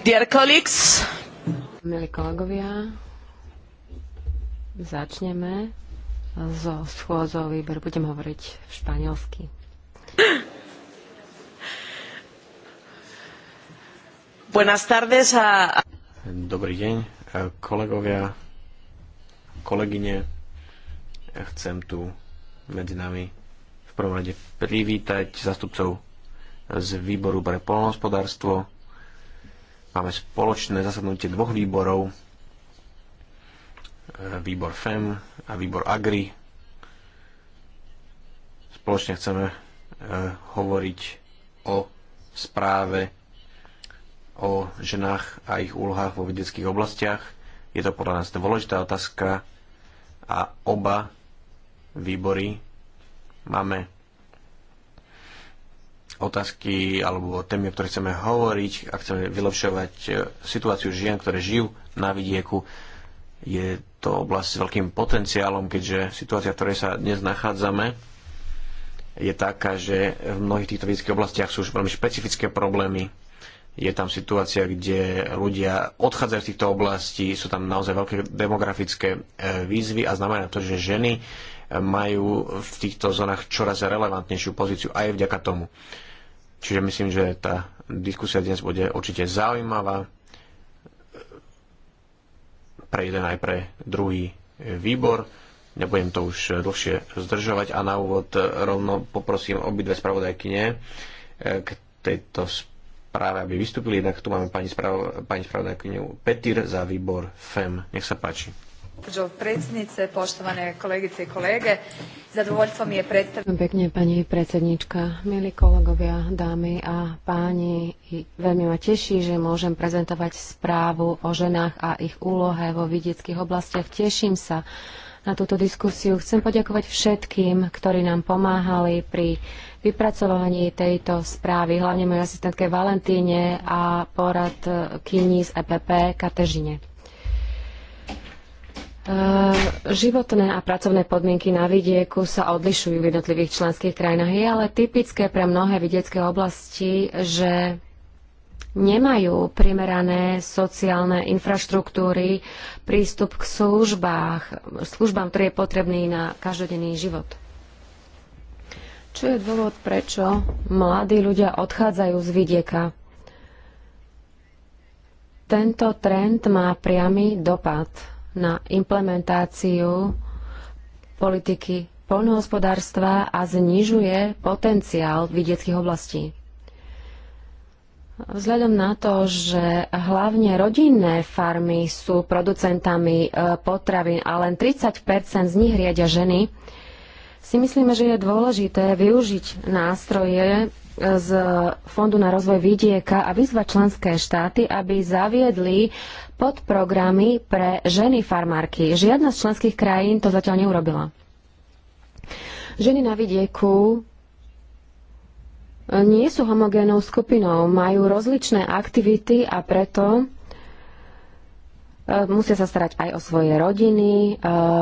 Dear colleagues, Milí kolegovia, začneme so schôdzou výber. Budem hovoriť španielsky. Buenas tardes a... Dobrý deň, kolegovia, kolegyne. Chcem tu medzi nami v prvom rade privítať zastupcov z výboru pre polnohospodárstvo, Máme spoločné zasadnutie dvoch výborov, e, výbor FEM a výbor AGRI. Spoločne chceme e, hovoriť o správe o ženách a ich úlohách vo vedeckých oblastiach. Je to podľa nás dôležitá otázka a oba výbory máme otázky alebo témy, o ktorých chceme hovoriť a chceme vylepšovať e, situáciu žien, ktoré žijú na vidieku. Je to oblasť s veľkým potenciálom, keďže situácia, v ktorej sa dnes nachádzame, je taká, že v mnohých týchto vidických oblastiach sú už veľmi špecifické problémy. Je tam situácia, kde ľudia odchádzajú z týchto oblastí, sú tam naozaj veľké demografické e, výzvy a znamená to, že ženy majú v týchto zónach čoraz relevantnejšiu pozíciu aj vďaka tomu. Čiže myslím, že tá diskusia dnes bude určite zaujímavá pre jeden aj pre druhý výbor. Nebudem to už dlhšie zdržovať a na úvod rovno poprosím obidve spravodajkyne eh, k tejto správe, aby vystúpili. Inak tu máme pani, sprav- pani spravodajkyňu Petir za výbor FEM. Nech sa páči gospođo predsjednice, poštovane kolegice i kolege. Zadovoljstvo mi je predstaviti... Pekne, pani predsjednička, milí kolegovia, dámy a páni. Veľmi ma teší, že môžem prezentovať správu o ženách a ich úlohe vo vidieckých oblastiach. Teším sa na túto diskusiu. Chcem poďakovať všetkým, ktorí nám pomáhali pri vypracovaní tejto správy, hlavne mojej asistentke Valentíne a porad Kyni z EPP Katežine. Eh, životné a pracovné podmienky na vidieku sa odlišujú v jednotlivých členských krajinách. Je ale typické pre mnohé vidiecké oblasti, že nemajú primerané sociálne infraštruktúry, prístup k službách, službám, ktorý je potrebný na každodenný život. Čo je dôvod, prečo mladí ľudia odchádzajú z vidieka? Tento trend má priamy dopad na implementáciu politiky poľnohospodárstva a znižuje potenciál vidieckých oblastí. Vzhľadom na to, že hlavne rodinné farmy sú producentami e, potravín a len 30 z nich riadia ženy, si myslíme, že je dôležité využiť nástroje z Fondu na rozvoj vidieka a vyzvať členské štáty, aby zaviedli podprogramy pre ženy farmárky. Žiadna z členských krajín to zatiaľ neurobila. Ženy na vidieku nie sú homogénou skupinou, majú rozličné aktivity a preto E, musia sa starať aj o svoje rodiny, e,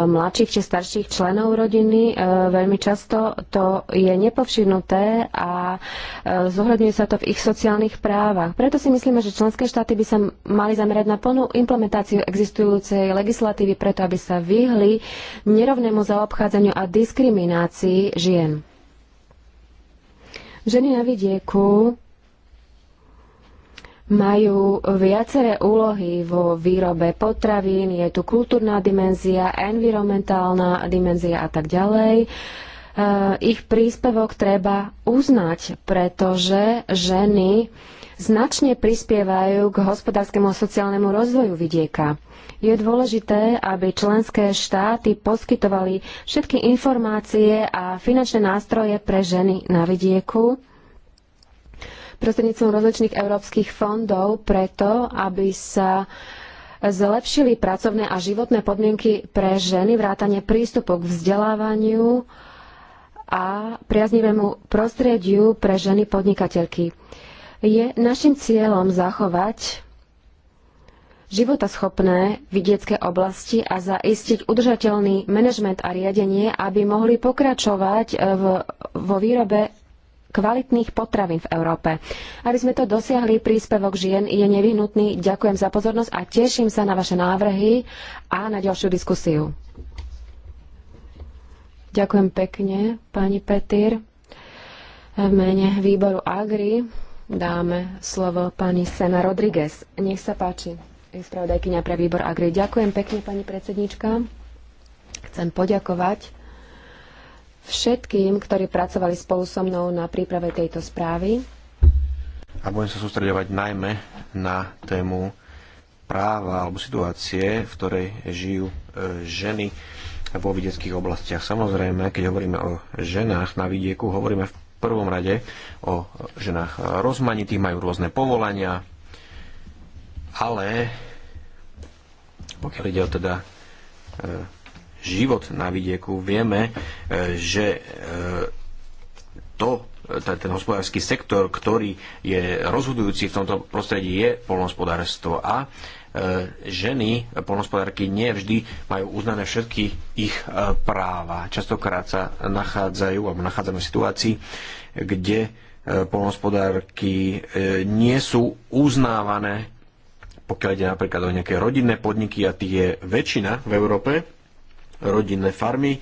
mladších či starších členov rodiny. E, veľmi často to je nepovšimnuté a zohľadňuje sa to v ich sociálnych právach. Preto si myslíme, že členské štáty by sa mali zamerať na plnú implementáciu existujúcej legislatívy, preto aby sa vyhli nerovnému zaobchádzaniu a diskriminácii žien. Ženy na vidieku majú viaceré úlohy vo výrobe potravín, je tu kultúrna dimenzia, environmentálna dimenzia a tak ďalej. Eh, ich príspevok treba uznať, pretože ženy značne prispievajú k hospodárskemu a sociálnemu rozvoju vidieka. Je dôležité, aby členské štáty poskytovali všetky informácie a finančné nástroje pre ženy na vidieku, prostredníctvom rozličných európskych fondov preto, aby sa zlepšili pracovné a životné podmienky pre ženy, vrátanie prístupu k vzdelávaniu a priaznivému prostrediu pre ženy podnikateľky. Je našim cieľom zachovať životaschopné vidiecké oblasti a zaistiť udržateľný manažment a riadenie, aby mohli pokračovať v, vo výrobe kvalitných potravín v Európe. Aby sme to dosiahli, príspevok žien je nevyhnutný. Ďakujem za pozornosť a teším sa na vaše návrhy a na ďalšiu diskusiu. Ďakujem pekne, pani Petýr. V mene výboru Agri dáme slovo pani Sena Rodriguez. Nech sa páči, je spravodajkynia pre výbor Agri. Ďakujem pekne, pani predsednička. Chcem poďakovať všetkým, ktorí pracovali spolu so mnou na príprave tejto správy. A budem sa sústredovať najmä na tému práva alebo situácie, v ktorej žijú e, ženy vo vidieckých oblastiach. Samozrejme, keď hovoríme o ženách na vidieku, hovoríme v prvom rade o ženách rozmanitých, majú rôzne povolania, ale pokiaľ ide o teda e, život na vidieku. Vieme, e, že e, to, e, ten hospodársky sektor, ktorý je rozhodujúci v tomto prostredí, je polnospodárstvo a ženy, polnospodárky, nevždy majú uznané všetky ich práva. Častokrát sa nachádzajú, alebo nachádzame v situácii, kde polnospodárky nie sú uznávané, pokiaľ ide napríklad o nejaké rodinné podniky a tých je väčšina v Európe, rodinné farmy. E,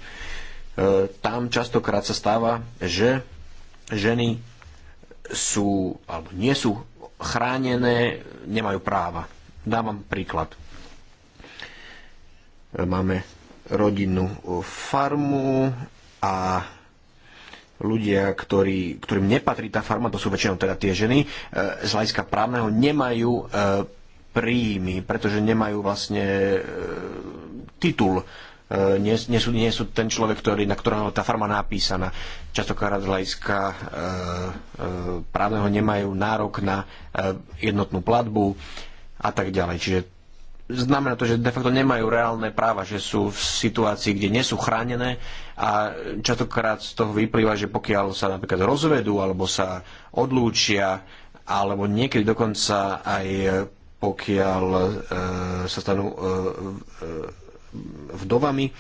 tam častokrát sa stáva, že ženy sú alebo nie sú chránené, nemajú práva. Dávam príklad. E, máme rodinnú farmu a ľudia, ktorí, ktorým nepatrí tá farma, to sú väčšinou teda tie ženy, e, z hľadiska právneho nemajú príjmy, pretože nemajú vlastne titul E, nie, nie, sú, nie sú ten človek, ktorý, na ktorého tá farma napísaná. Častokrát z hľadiska e, e, právneho nemajú nárok na e, jednotnú platbu a tak ďalej. Čiže znamená to, že de facto nemajú reálne práva, že sú v situácii, kde nie sú chránené a častokrát z toho vyplýva, že pokiaľ sa napríklad rozvedú alebo sa odlúčia alebo niekedy dokonca aj e, pokiaľ e, sa stanú e, e, vdovami, e,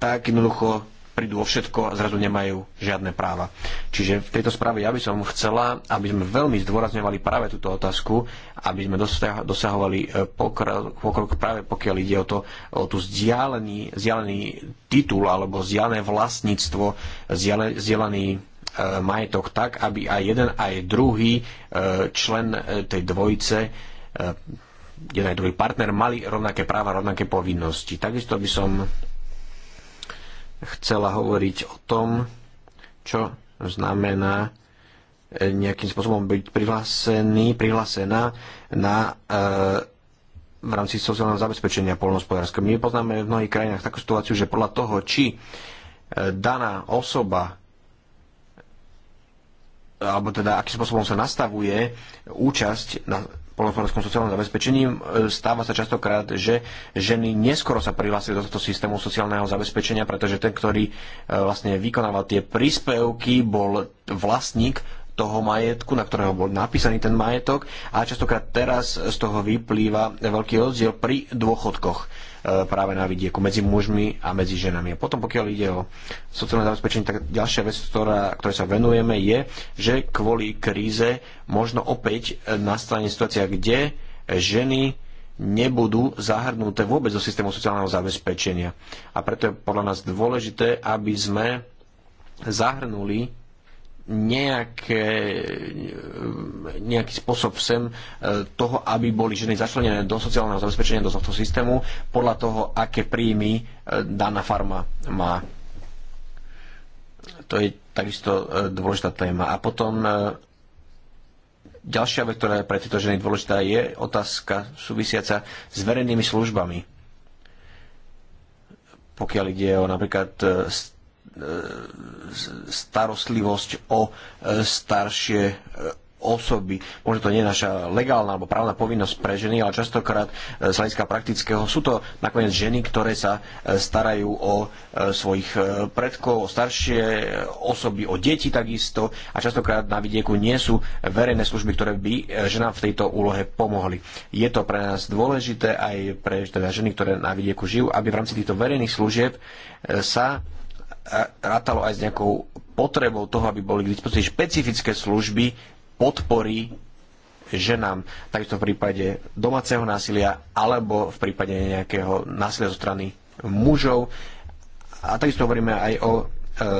tak jednoducho prídu o všetko a zrazu nemajú žiadne práva. Čiže v tejto správe ja by som chcela, aby sme veľmi zdôrazňovali práve túto otázku, aby sme dosahovali e, pokrok, pokrok práve pokiaľ ide o, to, o tú vzdialený, zdialený titul alebo zdialené vlastníctvo, zdialený e, majetok tak, aby aj jeden, aj druhý člen tej dvojice jeden aj druhý partner mali rovnaké práva, rovnaké povinnosti. Takisto by som chcela hovoriť o tom, čo znamená e, nejakým spôsobom byť prihlásený, prihlásená na e, v rámci sociálneho zabezpečenia polnospodárstva. My poznáme v mnohých krajinách takú situáciu, že podľa toho, či e, daná osoba alebo teda akým spôsobom sa nastavuje účasť na polnohospodárskom sociálnom zabezpečení. E, stáva sa častokrát, že ženy neskoro sa prihlásili do tohto systému sociálneho zabezpečenia, pretože ten, ktorý e, vlastne vykonával tie príspevky, bol vlastník toho majetku, na ktorého bol napísaný ten majetok a častokrát teraz z toho vyplýva veľký rozdiel pri dôchodkoch E, práve na vidieku medzi mužmi a medzi ženami. A potom pokiaľ ide o sociálne zabezpečenie, tak ďalšia vec, ktorá, ktorej sa venujeme, je, že kvôli kríze možno opäť nastane situácia, kde ženy nebudú zahrnuté vôbec do systému sociálneho zabezpečenia. A preto je podľa nás dôležité, aby sme zahrnuli nejaké, nejaký spôsob sem e, toho, aby boli ženy začlenené do sociálneho zabezpečenia, do tohto systému, podľa toho, aké príjmy e, daná farma má. To je takisto e, dôležitá téma. A potom ďalšia vec, ktorá je pre tieto ženy dôležitá, je otázka súvisiaca s verejnými službami. Pokiaľ ide o napríklad E, starostlivosť o e, staršie e, osoby. Možno to nie je naša legálna alebo právna povinnosť pre ženy, ale častokrát z hľadiska praktického sú to nakoniec ženy, ktoré sa starajú o svojich predkov, o staršie osoby, o deti takisto a častokrát na vidieku nie sú verejné služby, ktoré by ženám v tejto úlohe pomohli. Je to pre nás dôležité aj pre teda ženy, ktoré na vidieku žijú, aby v rámci týchto verejných služieb sa rátalo aj s nejakou potrebou toho, aby boli k dispozícii špecifické služby podpory ženám, takisto v prípade domáceho násilia alebo v prípade nejakého násilia zo strany mužov. A takisto hovoríme aj o e,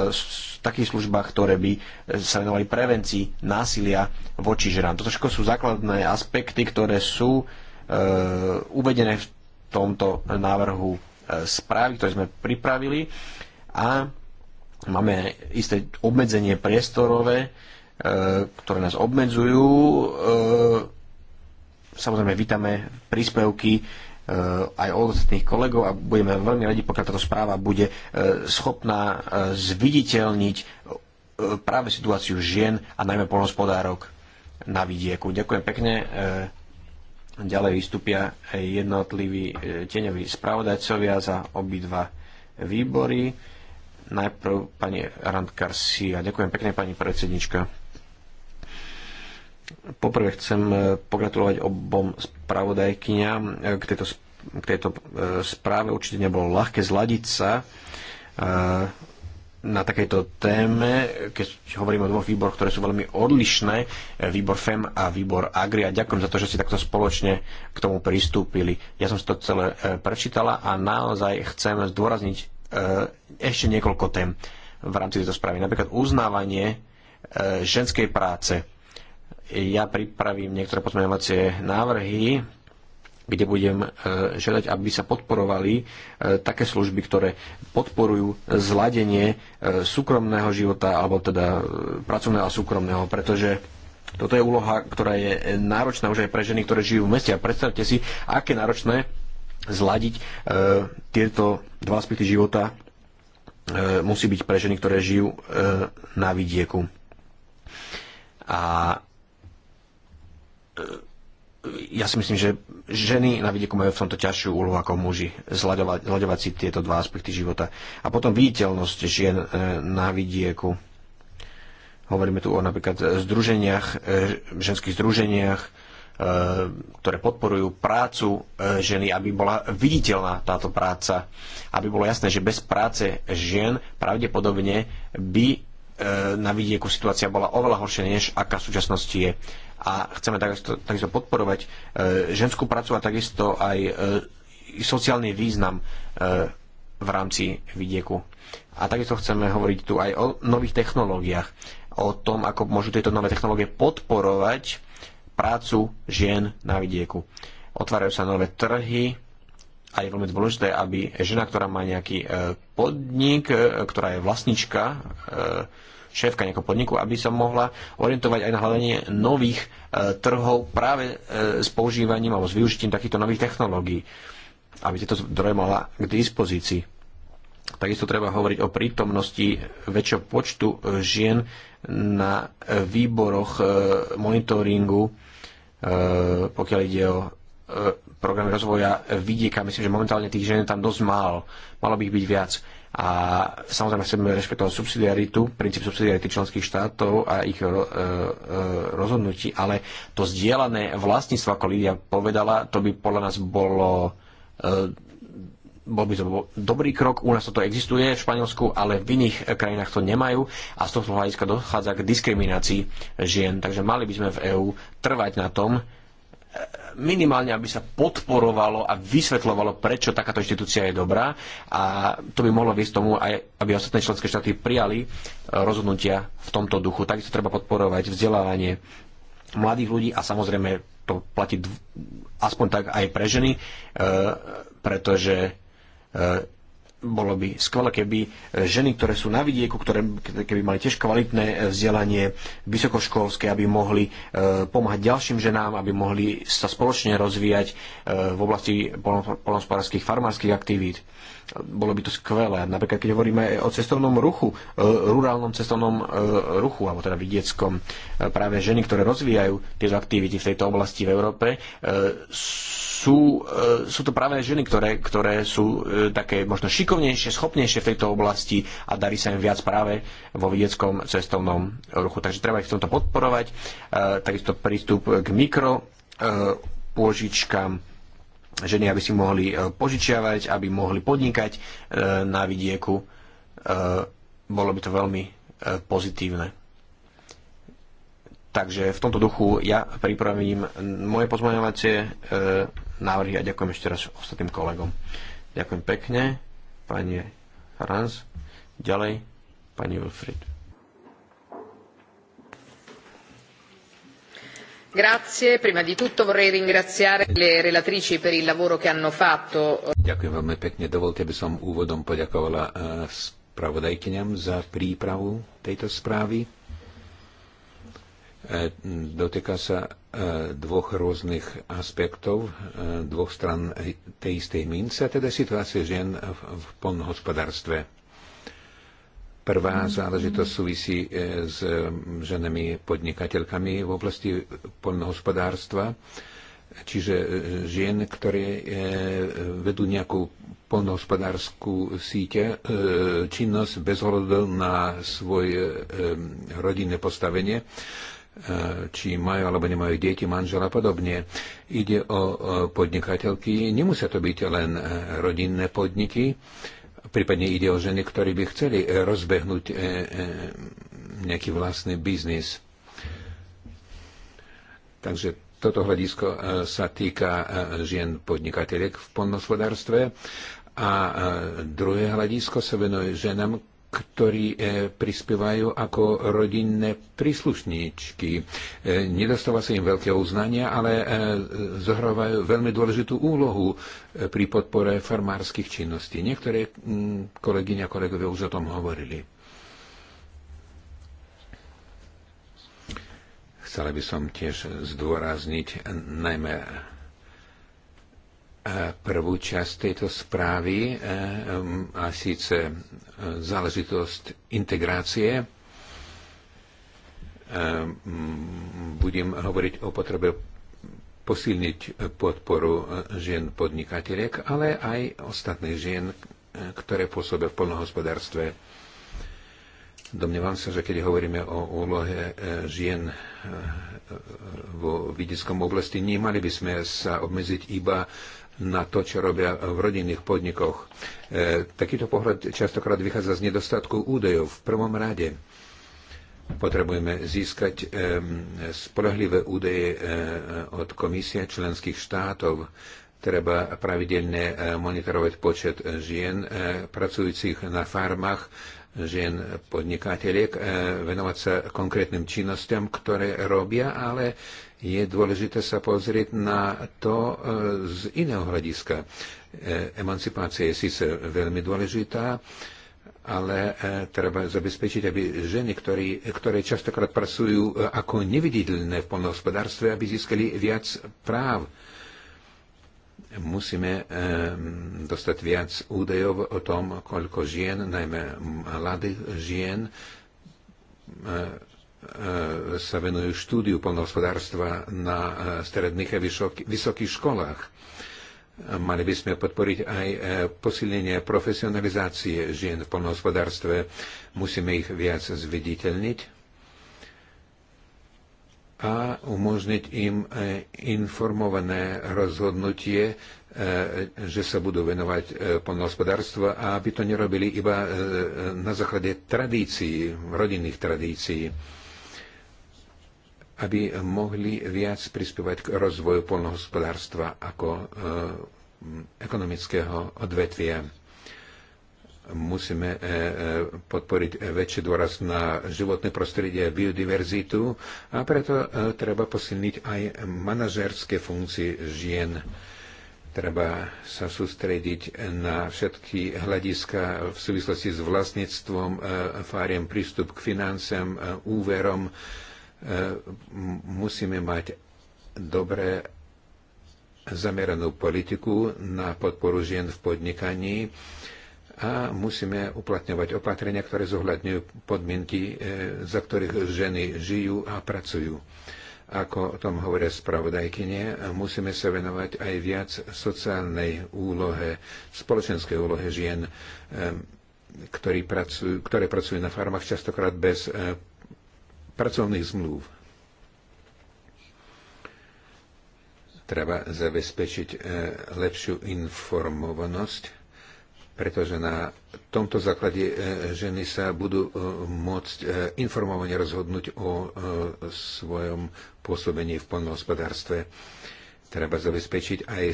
s, takých službách, ktoré by sa venovali prevencii násilia voči ženám. Toto všetko sú základné aspekty, ktoré sú e, uvedené v tomto návrhu e, správy, ktoré sme pripravili. E, a máme isté obmedzenie priestorové, e, ktoré nás obmedzujú. E, samozrejme, vítame príspevky e, aj od ostatných kolegov a budeme veľmi radi, pokiaľ táto správa bude schopná zviditeľniť práve situáciu žien a najmä polnospodárok na vidieku. Ďakujem pekne. Ďalej vystúpia jednotliví tieňoví spravodajcovia za obidva výbory. Najprv pani Rand Garcia. Ďakujem pekne, pani predsednička. Poprvé chcem e, pogratulovať obom spravodajkyňam e, k tejto, k tejto e, správe. Určite nebolo ľahké zladiť sa na takejto téme, keď hovorím o dvoch výboroch, ktoré sú veľmi odlišné, výbor FEM a výbor AGRI. A ďakujem za to, že ste takto spoločne k tomu pristúpili. Ja som si to celé prečítala a naozaj chcem zdôrazniť Eh, ešte niekoľko tém v rámci tejto správy. Napríklad uznávanie eh, ženskej práce. Ja pripravím niektoré pozmeňovacie návrhy, kde budem eh, žiadať, aby sa podporovali také služby, ktoré podporujú zladenie súkromného života alebo teda pracovného a súkromného, pretože toto je úloha, ktorá je náročná už aj pre ženy, ktoré žijú v meste. A predstavte si, aké náročné zladiť e, tieto dva aspekty života e, musí byť pre ženy, ktoré žijú e, na vidieku. A ja si myslím, že ženy na vidieku majú v tomto ťažšiu úlohu ako muži zľadovať, zľadovať si tieto dva aspekty života. A potom viditeľnosť žien na vidieku. Hovoríme tu o napríklad združeniach, ženských združeniach, Eh, ktoré podporujú prácu eh, ženy, aby bola viditeľná táto práca, aby bolo jasné, že bez práce žien pravdepodobne by eh, na vidieku situácia bola oveľa horšia, než aká v súčasnosti je. A chceme takisto, takisto podporovať ženskú prácu a takisto aj sociálny význam v rámci vidieku. A takisto chceme hovoriť tu aj o nových technológiách, o tom, ako môžu tieto nové technológie podporovať prácu žien na vidieku. Otvárajú sa nové trhy a je veľmi dôležité, aby žena, ktorá má nejaký e, podnik, e, ktorá je vlastnička, e, šéfka nejakého podniku, aby sa mohla orientovať aj na hľadanie nových trhov práve s používaním alebo s využitím takýchto nových technológií, aby tieto zdroje mala k dispozícii. Takisto treba hovoriť o prítomnosti väčšieho počtu e, žien na e, výboroch e, monitoringu, pokiaľ ide o programy rozvoja vidieka. Myslím, že momentálne tých žien je tam dosť málo. Malo by ich byť viac. A samozrejme chceme rešpektovať subsidiaritu, princíp subsidiarity členských štátov a ich rozhodnutí, ale to zdieľané vlastníctvo, ako Lídia povedala, to by podľa nás bolo bol by to bol dobrý krok, u nás toto existuje v Španielsku, ale v iných krajinách to nemajú a z tohto hľadiska dochádza k diskriminácii žien. Takže mali by sme v EÚ trvať na tom, minimálne, aby sa podporovalo a vysvetľovalo, prečo takáto inštitúcia je dobrá a to by mohlo viesť tomu, aj, aby ostatné členské štáty prijali e, rozhodnutia v tomto duchu. Takisto treba podporovať vzdelávanie mladých ľudí a samozrejme to platí aspoň tak aj pre ženy, e, pretože bolo by skvelé, keby ženy, ktoré sú na vidieku, ktoré, keby mali tiež kvalitné vzdelanie vysokoškolské, aby mohli e, pomáhať ďalším ženám, aby mohli sa spoločne rozvíjať e, v oblasti polnospodárských farmárskych aktivít bolo by to skvelé. Napríklad, keď hovoríme o cestovnom ruchu, e, rurálnom cestovnom e, ruchu, alebo teda vidieckom, e, práve ženy, ktoré rozvíjajú tieto aktivity v tejto oblasti v Európe, sú, sú to práve ženy, ktoré, ktoré sú také možno šikovnejšie, schopnejšie v tejto oblasti a darí sa im viac práve vo vidieckom cestovnom ruchu. Takže treba ich v tomto podporovať. Takisto prístup k mikro pôžičkám ženy, aby si mohli e, požičiavať, aby mohli podnikať e, na vidieku. E, bolo by to veľmi pozitívne. Takže v tomto duchu ja pripravím moje pozmaňovacie návrhy a ďakujem ešte raz ostatným kolegom. Ďakujem pekne, pani Hrans. Ďalej, pani Wilfried. Grazie. Prima di tutto vorrei ringraziare le relatrici per il lavoro che hanno fatto. Ďakujem veľmi pekne. dovoľte aby som úvodom poďakovala eh, spravodajkyňam za prípravu tejto správy. Eh, dotýka sa eh, dvoch rôznych aspektov, dvoch strán tej istej mince, teda situácie žien v poľnohospodárstve. Prvá záležitosť súvisí e, s ženami podnikateľkami v oblasti poľnohospodárstva, čiže e, žien, ktoré e, vedú nejakú poľnohospodárskú síte, činnosť bez hľadu na svoje rodinné postavenie či majú alebo nemajú deti, manžela a podobne. Ide o podnikateľky, nemusia to byť len rodinné podniky, prípadne ide o ženy, ktorí by chceli rozbehnúť e, e, nejaký vlastný biznis. Takže toto hľadisko e, sa týka žien podnikateľiek v polnohospodárstve a druhé hľadisko sa venuje ženám, ktorí e, prispievajú ako rodinné príslušníčky. E, nedostáva sa im veľké uznania, ale e, zohrávajú veľmi dôležitú úlohu pri podpore farmárskych činností. Niektoré kolegyne a kolegovia už o tom hovorili. Chcela by som tiež zdôrazniť najmä E, prvú časť tejto správy, e, a síce e, záležitosť integrácie. Budem hovoriť o potrebe posilniť podporu žien podnikateľiek, ale aj ostatných žien, ktoré pôsobia v polnohospodárstve. Domnievam sa, že keď hovoríme o úlohe žien vo videckom oblasti, nemali by sme sa obmedziť iba na to, čo robia v rodinných podnikoch. E, takýto pohľad častokrát vychádza z nedostatku údajov. V prvom rade potrebujeme získať e, spolehlivé údaje e, od komisie členských štátov. Treba pravidelne e, monitorovať počet žien e, pracujúcich na farmách, žien podnikateľiek, e, venovať sa konkrétnym činnostiam, ktoré robia, ale je dôležité sa pozrieť na to e, z iného hľadiska. E, emancipácia je síce veľmi dôležitá, ale e, treba zabezpečiť, aby ženy, ktorí, ktoré častokrát pracujú ako neviditeľné v polnohospodárstve, aby získali viac práv. Musíme dostať viac údajov o tom, koľko žien, najmä mladých žien, E, sa venujú štúdiu polnohospodárstva na e, stredných a vysokých školách. Mali by sme podporiť aj e, posilnenie profesionalizácie žien v polnohospodárstve. Musíme ich viac zviditeľniť a umožniť im informované rozhodnutie, že sa budú venovať polnohospodárstvu a aby to nerobili iba na základe tradícií, rodinných tradícií aby mohli viac prispievať k rozvoju polnohospodárstva ako eh, ekonomického odvetvia. Musíme eh, eh, podporiť väčší dôraz na životné prostredie a biodiverzitu a preto treba posilniť aj manažerské funkcie žien. Treba sa sústrediť na všetky hľadiska v súvislosti s vlastníctvom, fáriem prístup k financiám, úverom, Eh, musíme mať dobre zameranú politiku na podporu žien v podnikaní a musíme uplatňovať opatrenia, ktoré zohľadňujú podmienky, eh, za ktorých ženy žijú a pracujú. Ako o tom hovoria spravodajkyne, musíme sa venovať aj viac sociálnej úlohe, spoločenskej úlohe žien, eh, ktorí pracujú, ktoré pracujú na farmách častokrát bez pracovných zmluv. Treba zabezpečiť e, lepšiu informovanosť, pretože na tomto základe e, ženy sa budú e, môcť informovane rozhodnúť o svojom pôsobení v poľnohospodárstve. Treba zabezpečiť aj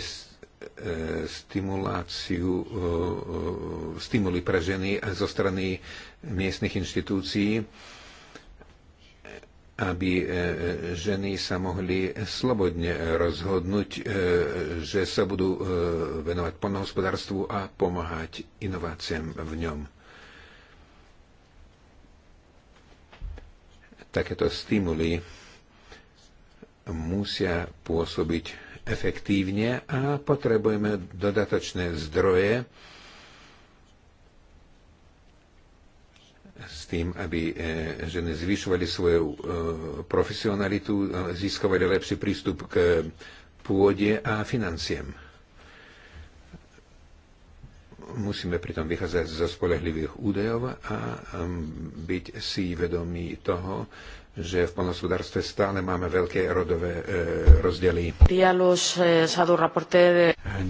stimuláciu, stimuly pre ženy zo strany miestnych inštitúcií, aby e, e, ženy sa mohli slobodne rozhodnúť, e, že sa budú venovať poľnohospodárstvu a pomáhať inováciám v ňom. Takéto stimuly musia pôsobiť efektívne a potrebujeme dodatočné zdroje, s tým, aby e, ženy zvyšovali svoju e, profesionalitu, e, získovali lepší prístup k pôde a financiem. Musíme pritom vychádzať zo spolehlivých údajov a byť si vedomí toho, že v polnospodárstve stále máme veľké rodové rozdiely. Eh, eh.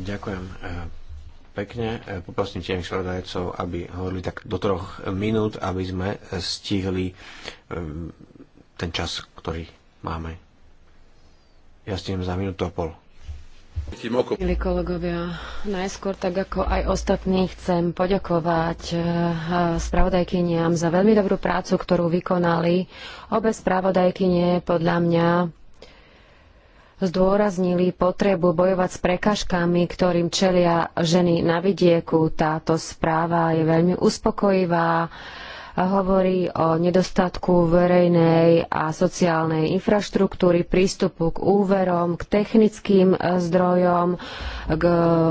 Ďakujem eh, pekne. E, poprosím tiež spravodajcov, aby hovorili tak do troch minút, aby sme stihli e, ten čas, ktorý máme. Ja stihnem za minútu a pol. Milí kolegovia, najskôr tak ako aj ostatní chcem poďakovať e, spravodajkyniam za veľmi dobrú prácu, ktorú vykonali. Obe spravodajkynie podľa mňa zdôraznili potrebu bojovať s prekažkami, ktorým čelia ženy na vidieku. Táto správa je veľmi uspokojivá a hovorí o nedostatku verejnej a sociálnej infraštruktúry, prístupu k úverom, k technickým zdrojom, k,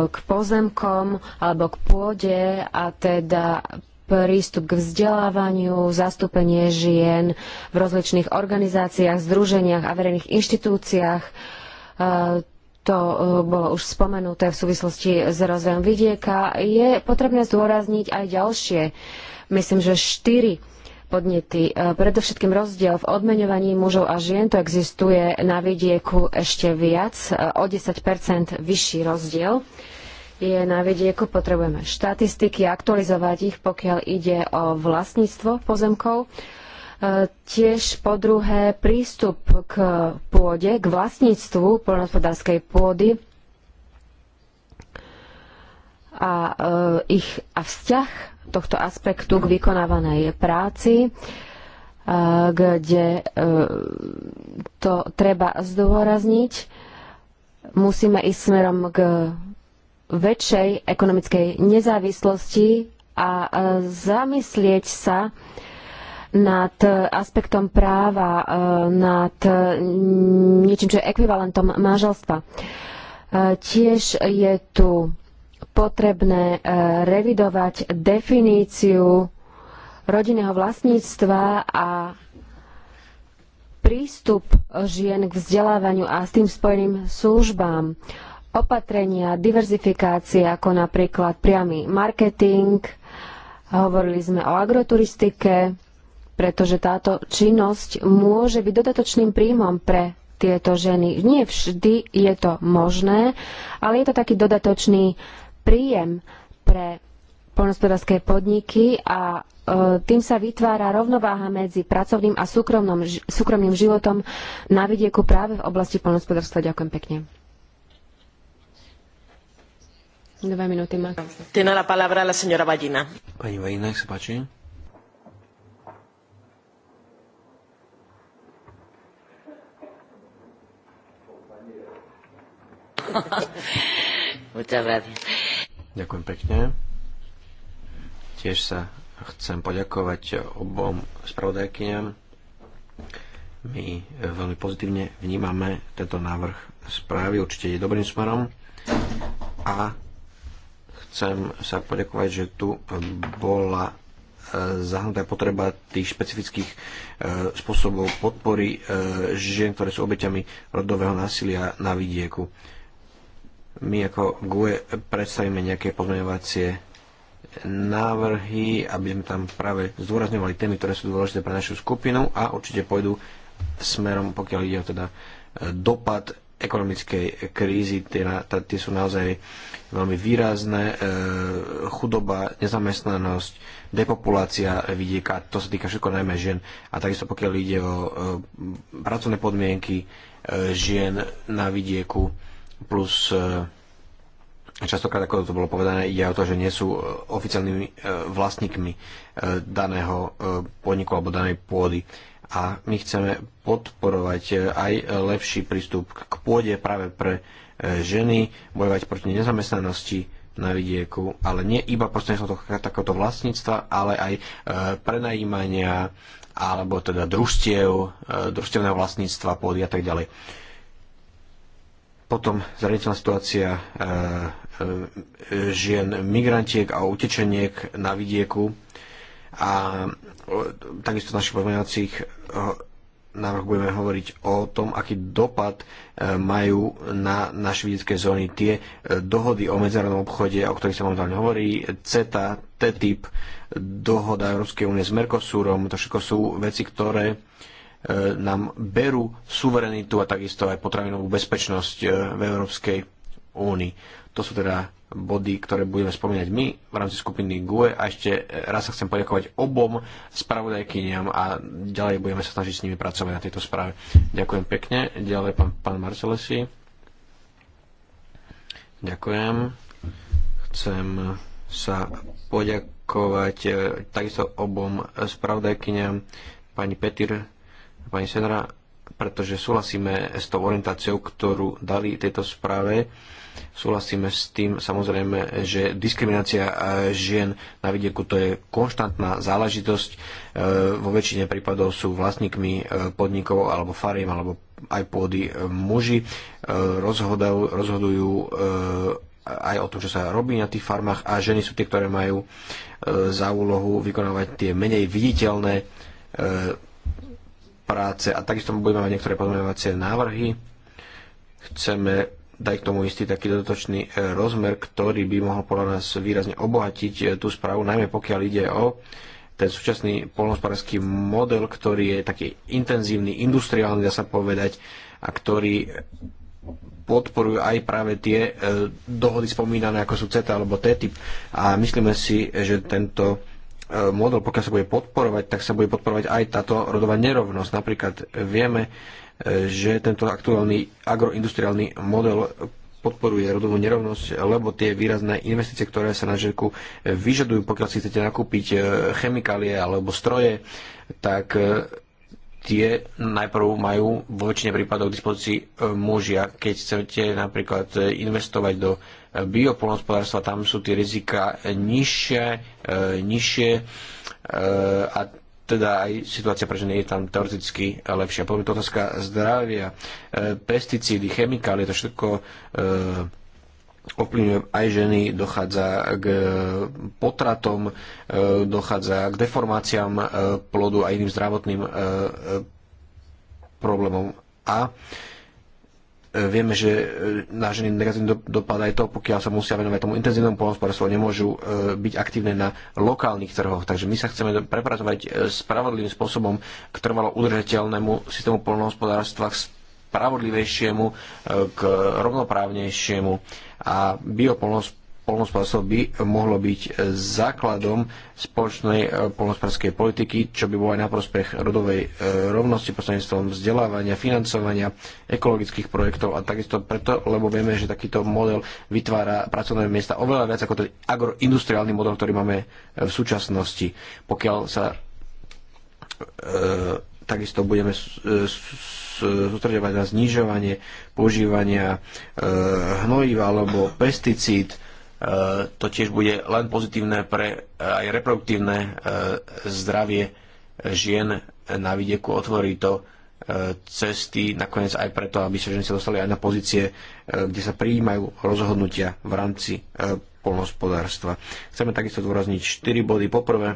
k pozemkom alebo k pôde a teda prístup k vzdelávaniu, zastúpenie žien v rozličných organizáciách, združeniach a verejných inštitúciách to eh, bolo už spomenuté v súvislosti s rozvojom vidieka, je potrebné zdôrazniť aj ďalšie, myslím, že štyri podnety. Eh, predovšetkým rozdiel v odmeňovaní mužov a žien, to existuje na vidieku ešte viac, eh, o 10 vyšší rozdiel je na vidieku, potrebujeme štatistiky, aktualizovať ich, pokiaľ ide o vlastníctvo pozemkov. Tiež po druhé prístup k pôde, k vlastníctvu poľnohospodárskej pôdy a, e, ich, a vzťah tohto aspektu k vykonávanej práci e, kde e, to treba zdôrazniť. Musíme ísť smerom k väčšej ekonomickej nezávislosti a zamyslieť sa nad e, aspektom práva, e, nad e, niečím, čo je ekvivalentom manželstva. Tiež je tu potrebné revidovať definíciu rodinného vlastníctva a prístup žien k vzdelávaniu a s tým spojeným službám, opatrenia, diverzifikácie, ako napríklad priamy marketing, hovorili sme o agroturistike, pretože táto činnosť môže byť dodatočným príjmom pre tieto ženy. Nie vždy je to možné, ale je to taký dodatočný príjem pre poľnohospodárske podniky a e, tým sa vytvára rovnováha medzi pracovným a súkromným, súkromným životom na vidieku práve v oblasti poľnohospodárstva. Ďakujem pekne. Dve minúty Max. Tiene la palabra la señora Ballina. Pani Ballina, sa páči. Ďakujem pekne. Tiež sa chcem poďakovať obom spravodajkyniam. My veľmi pozitívne vnímame tento návrh správy, určite je dobrým smerom a chcem sa poďakovať, že tu bola eh, zahrnutá potreba tých špecifických eh, spôsobov podpory eh, žien, ktoré sú obeťami rodového násilia na vidieku. My ako GUE predstavíme nejaké pozmeňovacie návrhy, aby sme tam práve zdôrazňovali témy, ktoré sú dôležité pre našu skupinu a určite pôjdu smerom, pokiaľ ide o teda e, dopad ekonomickej krízy, tie, tie sú naozaj veľmi výrazné. E, chudoba, nezamestnanosť, depopulácia vidieka, to sa týka všetko najmä žien. A takisto pokiaľ ide o e, pracovné podmienky e, žien na vidieku, e, plus e, častokrát, ako to bolo povedané, ide o to, že nie sú e, oficiálnymi e, vlastníkmi daného podniku alebo danej pôdy. A my chceme podporovať aj lepší prístup k pôde práve pre ženy, bojovať proti nezamestnanosti na vidieku, ale nie iba prostredníctvom takéhoto vlastníctva, ale aj prenajímania alebo teda družstiev, družstevného vlastníctva, pôdy a tak ďalej. Potom zraniteľná situácia e, e, žien migrantiek a utečeniek na vidieku a takisto našich pozmeňovacích e, návrh budeme hovoriť o tom, aký dopad majú na naše vidiecké zóny tie dohody o medzinárodnom obchode, o ktorých sa momentálne hovorí, CETA, TTIP, dohoda Európskej únie s Mercosurom, to všetko sú veci, ktoré E, nám berú suverenitu a takisto aj potravinovú bezpečnosť e, v Európskej únii. To sú teda body, ktoré budeme spomínať my v rámci skupiny GUE a ešte e, raz sa chcem poďakovať obom spravodajkyniam a ďalej budeme sa snažiť s nimi pracovať na tejto správe. Ďakujem pekne. Ďalej pán, pán Marcelesi. Ďakujem. Chcem sa poďakovať takisto obom spravodajkyniam pani Petir pani Senra, pretože súhlasíme s tou orientáciou, ktorú dali tejto správe. Súhlasíme s tým samozrejme, že diskriminácia e, žien na vidieku to je konštantná záležitosť. E, vo väčšine prípadov sú vlastníkmi e, podnikov alebo fariem alebo aj pôdy muži. Rozhodajú, rozhodujú aj o tom, čo sa robí na tých farmách a ženy sú tie, ktoré majú za úlohu vykonávať tie menej viditeľné práce. A takisto budeme mať niektoré pozmeňovacie návrhy. Chceme dať k tomu istý taký dodatočný e, rozmer, ktorý by mohol podľa nás výrazne obohatiť e, tú správu, najmä pokiaľ ide o ten súčasný polnospodársky model, ktorý je taký intenzívny, industriálny, dá sa povedať, a ktorý podporujú aj práve tie e, dohody spomínané, ako sú CETA alebo TTIP. A myslíme si, že tento Eh, model, pokiaľ sa bude podporovať, tak sa bude podporovať aj táto rodová nerovnosť. Napríklad vieme, eh, že tento aktuálny agroindustriálny model podporuje rodovú nerovnosť, lebo tie výrazné investície, ktoré sa na žeku vyžadujú, pokiaľ si chcete nakúpiť eh, chemikálie alebo stroje, tak tie najprv majú vo väčšine prípadov k dispozícii mužia. Keď chcete napríklad investovať do biopolnospodárstva, tam sú tie rizika nižšie, e, nižšie e, a teda aj situácia pre ženy je tam teoreticky lepšia. Potom je to otázka zdravia, e, pesticídy, chemikálie, to všetko ovplyvňuje aj ženy, dochádza k potratom, dochádza k deformáciám plodu a iným zdravotným problémom. A vieme, že e, na ženy negatívny dopad aj to, pokiaľ sa musia venovať tomu intenzívnemu polnospodárstvu, nemôžu e, byť aktívne na lokálnych trhoch. Takže my sa chceme prepracovať e, spravodlivým spôsobom k trvalo udržateľnému systému poľnohospodárstva, k spravodlivejšiemu, k rovnoprávnejšiemu. A biopolnohospodárstvo polnospodárstvo by mohlo byť základom spoločnej e, polnospodárskej politiky, čo by bolo aj na prospech rodovej e, rovnosti prostredníctvom vzdelávania, financovania ekologických projektov a takisto preto, lebo vieme, že takýto model vytvára pracovné miesta oveľa viac ako ten agroindustriálny model, ktorý máme v súčasnosti. Pokiaľ sa e, takisto budeme e, sústreďovať sústredovať na znižovanie používania e, hnojiva alebo pesticíd, to tiež bude len pozitívne pre aj reproduktívne e, zdravie žien na vidieku. Otvorí to e, cesty, nakoniec aj preto, aby sa ženy sa dostali aj na pozície, e, kde sa prijímajú rozhodnutia v rámci polnospodárstva. Chceme takisto zdôrazniť 4 body. Poprvé,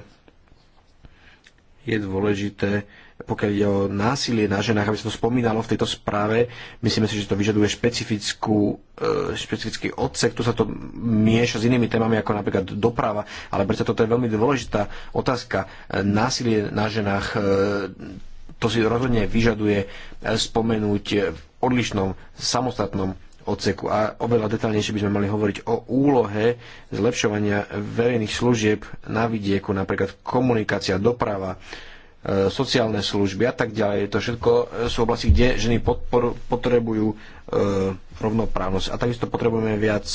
je dôležité pokiaľ ide o násilie na ženách, aby sa to spomínalo v tejto správe, myslíme si, že to vyžaduje špecifickú, e, špecifický odsek, tu sa to mieša s inými témami ako napríklad doprava, ale preto toto je veľmi dôležitá otázka. E, násilie na ženách, e, to si rozhodne vyžaduje spomenúť v odlišnom, samostatnom odseku a oveľa detaľnejšie by sme mali hovoriť o úlohe zlepšovania verejných služieb na vidieku, napríklad komunikácia, doprava, E, sociálne služby a tak ďalej. To všetko e, sú oblasti, kde ženy podporu, potrebujú e, rovnoprávnosť. A takisto potrebujeme viac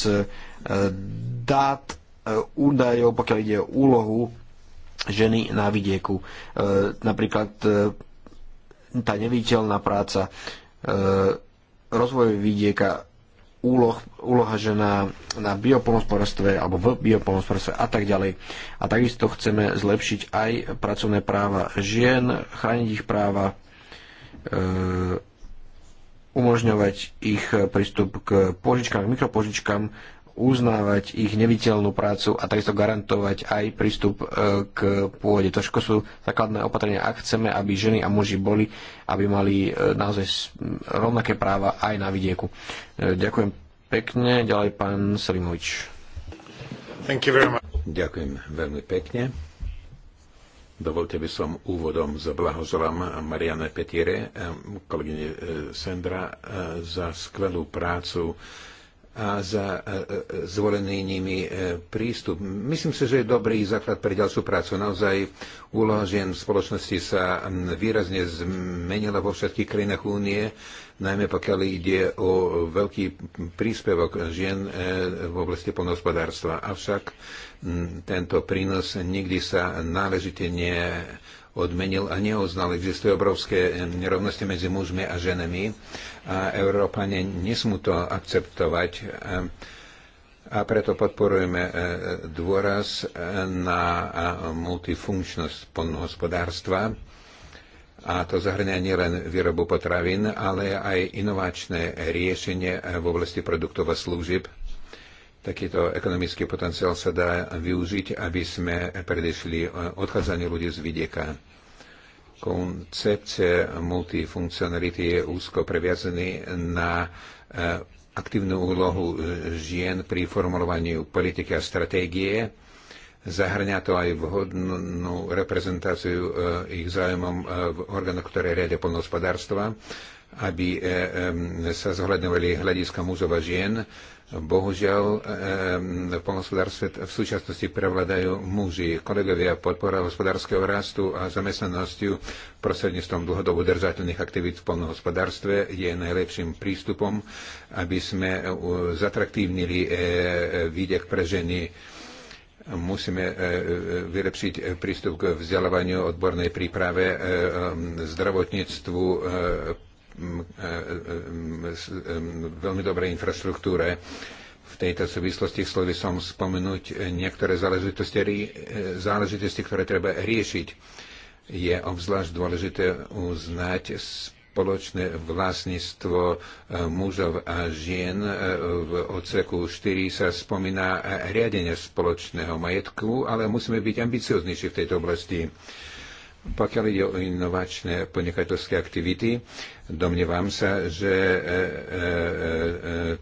dát, údajov, pokiaľ ide o úlohu ženy na vidieku. Napríklad tá neviditeľná práca, rozvoj vidieka, úloh, úloha žena na biopolnospodárstve alebo v biopolnospodárstve a tak ďalej. A takisto chceme zlepšiť aj pracovné práva žien, chrániť ich práva, e, umožňovať ich prístup k požičkám, k mikropožičkám uznávať ich neviteľnú prácu a takisto garantovať aj prístup e, k pôde. To sú základné opatrenia, ak chceme, aby ženy a muži boli, aby mali e, naozaj rovnaké práva aj na vidieku. E, ďakujem pekne. Ďalej pán Selimovič. Ďakujem veľmi pekne. Dovolte by som úvodom zablahoželám Mariane Petiere, kolegyne Sendra, za skvelú prácu a za e, e, zvolený nimi e, prístup. Myslím si, že je dobrý základ pre ďalšiu prácu. Naozaj úloha žien v spoločnosti sa výrazne zmenila vo všetkých krajinách únie, najmä pokiaľ ide o veľký príspevok žien v oblasti polnohospodárstva. Avšak tento prínos nikdy sa náležite ne odmenil a neoznal. Existujú obrovské nerovnosti medzi mužmi a ženami a Európane nesmú to akceptovať. A preto podporujeme e, dôraz e, na e, multifunkčnosť poľnohospodárstva. A to zahrňa nielen výrobu potravín, ale aj inovačné riešenie v oblasti produktov a služieb. Takýto ekonomický potenciál sa dá využiť, aby sme predišli odchádzanie ľudí z vidieka. Koncepcia multifunkcionality je úzko previazený na e, aktívnu úlohu žien pri formulovaní politiky a stratégie Zahrňa to aj vhodnú reprezentáciu e, ich zájmom e, v orgánoch, ktoré riadia polnohospodárstva, aby e, sa zohľadňovali hľadiska múzov a žien. Bohužiaľ, v polnohospodárstve v súčasnosti prevladajú muži. Kolegovia, podpora hospodárskeho rastu a zamestnanosti, prostredníctvom dlhodobo držateľných aktivít v polnohospodárstve je najlepším prístupom, aby sme zatraktívnili výdek pre ženy Musíme e, e, vylepšiť e, prístup k vzdelávaniu, odbornej príprave, zdravotníctvu, veľmi dobrej infraštruktúre. V tejto súvislosti chcel by som spomenúť niektoré záležitosti, záležitosti ktoré treba riešiť. Je obzvlášť dôležité uznať spoločné vlastníctvo e, mužov a žien. E, v odseku 4 sa spomína riadenie spoločného majetku, ale musíme byť ambicioznejší v tejto oblasti pokiaľ ide o inovačné podnikateľské aktivity, domnievam sa, že e, e, e,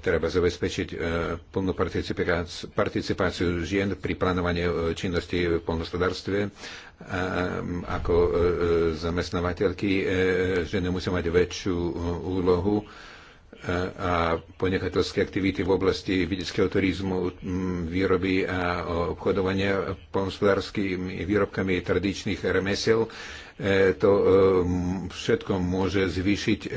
treba zabezpečiť e, plnú participáciu, participáciu žien pri plánovaní e, činnosti v polnospodárstve. Ako e, e zamestnávateľky e, e, ženy musia mať väčšiu úlohu. E, a podnikateľské aktivity v oblasti vidického turizmu, mm, výroby a obchodovania polnospodárskými výrobkami tradičných remesiel. E, to e, všetko môže zvýšiť e,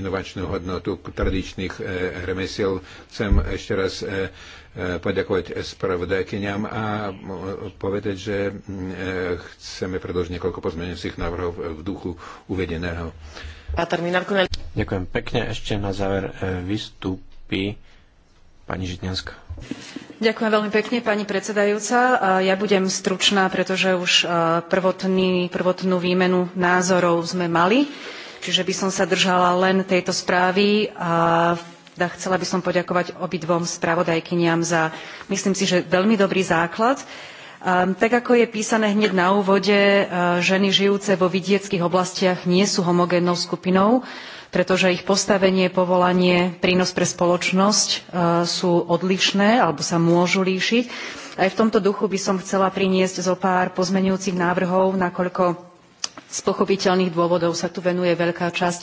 inovačnú hodnotu tradičných remesiel. Chcem ešte raz poďakovať spravodajkyňam a povedať, že mm, e, chceme predložiť niekoľko pozmeňujúcich návrhov v duchu uvedeného. Ďakujem pekne. Ešte na záver e, vystúpi pani Žitňanská. Ďakujem veľmi pekne, pani predsedajúca. Ja budem stručná, pretože už e, prvotný, prvotnú výmenu názorov sme mali, čiže by som sa držala len tejto správy. A v teda chcela by som poďakovať obidvom spravodajkyniam za, myslím si, že veľmi dobrý základ. Ehm, tak ako je písané hneď na úvode, e, ženy žijúce vo vidieckých oblastiach nie sú homogénnou skupinou, pretože ich postavenie, povolanie, prínos pre spoločnosť e, sú odlišné alebo sa môžu líšiť. Aj v tomto duchu by som chcela priniesť zo pár pozmenujúcich návrhov, nakoľko z pochopiteľných dôvodov sa tu venuje veľká časť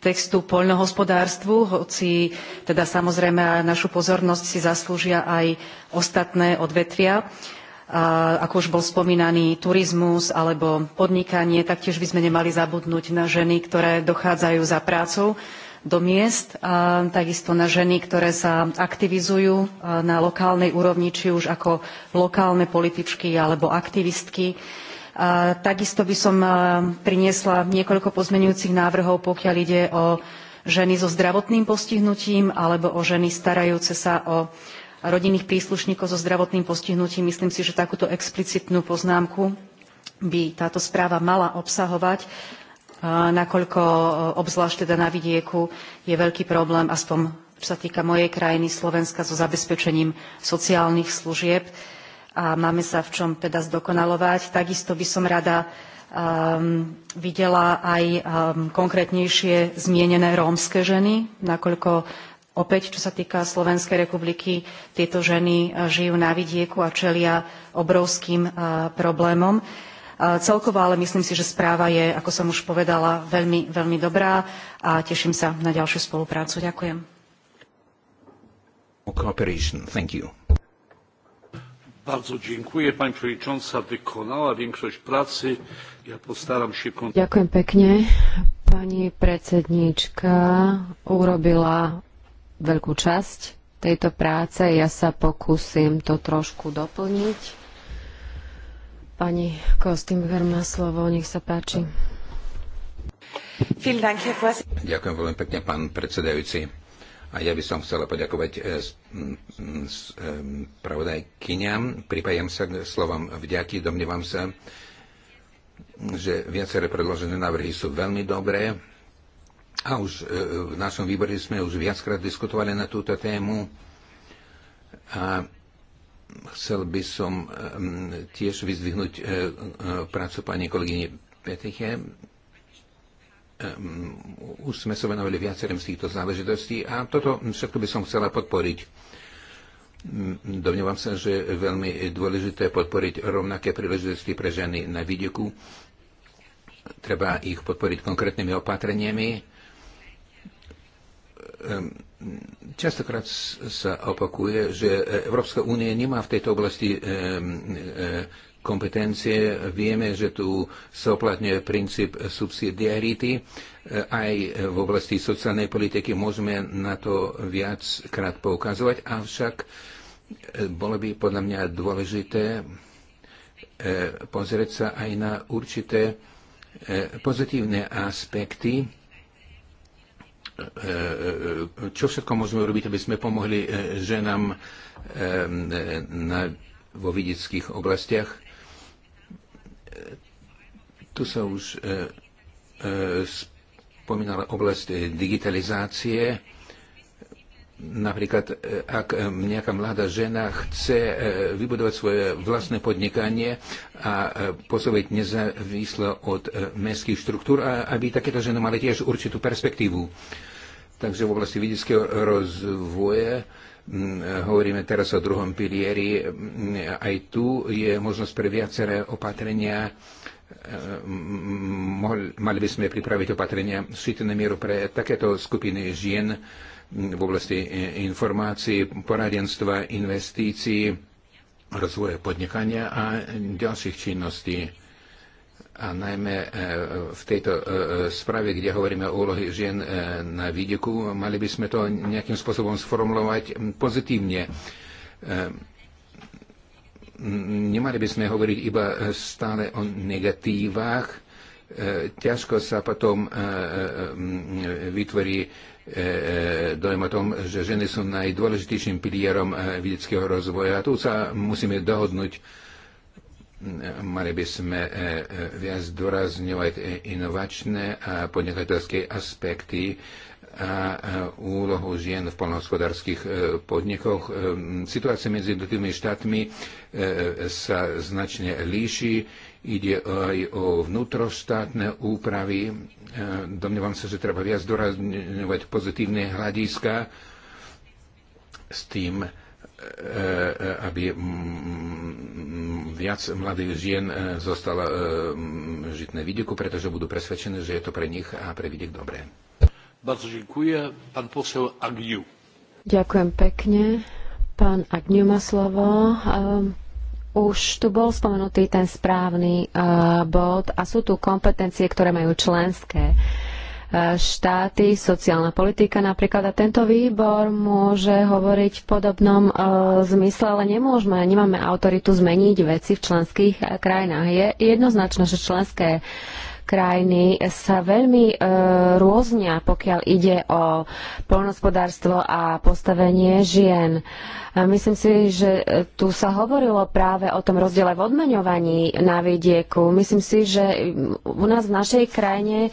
textu poľnohospodárstvu, hoci teda samozrejme našu pozornosť si zaslúžia aj ostatné odvetvia ako už bol spomínaný turizmus alebo podnikanie, taktiež by sme nemali zabudnúť na ženy, ktoré dochádzajú za prácou do miest, a takisto na ženy, ktoré sa aktivizujú na lokálnej úrovni, či už ako lokálne političky alebo aktivistky takisto by som priniesla niekoľko pozmenujúcich návrhov, pokiaľ ide o ženy so zdravotným postihnutím alebo o ženy starajúce sa o rodinných príslušníkov so zdravotným postihnutím. Myslím si, že takúto explicitnú poznámku by táto správa mala obsahovať, nakoľko obzvlášť teda na vidieku je veľký problém, aspoň čo sa týka mojej krajiny Slovenska, so zabezpečením sociálnych služieb a máme sa v čom teda zdokonalovať. Takisto by som rada um, videla aj um, konkrétnejšie zmienené rómske ženy, nakoľko Opäť, čo sa týka Slovenskej republiky, tieto ženy uh, žijú na vidieku a čelia obrovským uh, problémom. Uh, celkovo ale myslím si, že správa je, ako som už povedala, veľmi, veľmi dobrá a teším sa na ďalšiu spoluprácu. Ďakujem. Bardzo dziękuję. Pani przewodnicząca wykonała większość pracy. Ja postaram się... Ďakujem pekne. Pani predsedníčka urobila veľkú časť tejto práce. Ja sa pokúsim to trošku doplniť. Pani Kostimger má slovo, nech sa páči. Ďakujem veľmi pekne, pán predsedajúci. A ja by som chcela poďakovať e, e, pravodajkyňam. Pripájam sa k slovom vďaky. Domnievam sa, že viaceré predložené návrhy sú veľmi dobré. A už e, v našom výbore sme už viackrát diskutovali na túto tému. A chcel by som tiež vyzdvihnúť prácu pani kolegyne Petiche už sme sa venovali viacerým z týchto záležitostí a toto všetko by som chcela podporiť. Domnievam sa, že je veľmi dôležité podporiť rovnaké príležitosti pre ženy na vidieku. Treba ich podporiť konkrétnymi opatreniami. Ehm, častokrát sa opakuje, že Európska únie nemá v tejto oblasti ehm, kompetencie. Vieme, že tu sa oplatňuje princíp subsidiarity. Aj v oblasti sociálnej politiky môžeme na to viackrát poukazovať, avšak e, bolo by podľa mňa dôležité e, pozrieť sa aj na určité e, pozitívne aspekty, čo všetko môžeme robiť, aby sme pomohli ženám na, vo vidických oblastiach tu sa už e, e, spomínala oblasť digitalizácie. Napríklad, e, ak nejaká mladá žena chce vybudovať svoje vlastné podnikanie a pôsobiť nezávislo od mestských štruktúr, aby takéto ženy mali tiež určitú perspektívu. Takže v oblasti vidického rozvoja Mm, hovoríme teraz o druhom pilieri. Mm, aj tu je možnosť pre viaceré opatrenia. E, mali by sme pripraviť opatrenia šité na mieru pre takéto skupiny žien mm, v oblasti e, informácií, poradenstva, investícií, rozvoja podnikania a ďalších činností a najmä e, v tejto e, e, správe, kde hovoríme o úlohy žien na výdeku, mali by sme to nejakým spôsobom sformulovať pozitívne. Nemali by sme hovoriť iba stále o negatívach. Ťažko sa potom vytvorí dojem o tom, že ženy sú najdôležitejším pilierom vedeckého rozvoja. A tu sa musíme dohodnúť Mali by sme e, e, viac zdôrazňovať inovačné a podnikateľské aspekty a úlohu žien v polnohospodárských e, podnikoch. Situácia medzi jednotlivými štátmi sa značne líši. Ide aj o vnútroštátne úpravy. Domnievam sa, že treba viac zdôrazňovať pozitívne hľadiska s tým, aby viac mladých žien e, zostala e, žiť na vidieku, pretože budú presvedčené, že je to pre nich a pre vidiek dobré. Bardzo dziękuję. Pan poseł Agniu. Ďakujem pekne. Pán Agniu má slovo. E, už tu bol spomenutý ten správny bod a sú tu kompetencie, ktoré majú členské štáty, sociálna politika napríklad. A tento výbor môže hovoriť v podobnom e, zmysle, ale nemôžeme, nemáme autoritu zmeniť veci v členských e, krajinách. Je jednoznačné, že členské krajiny sa veľmi e, rôznia, pokiaľ ide o poľnohospodárstvo a postavenie žien. A myslím si, že e, tu sa hovorilo práve o tom rozdiele v odmaňovaní na vidieku. Myslím si, že u nás v našej krajine e,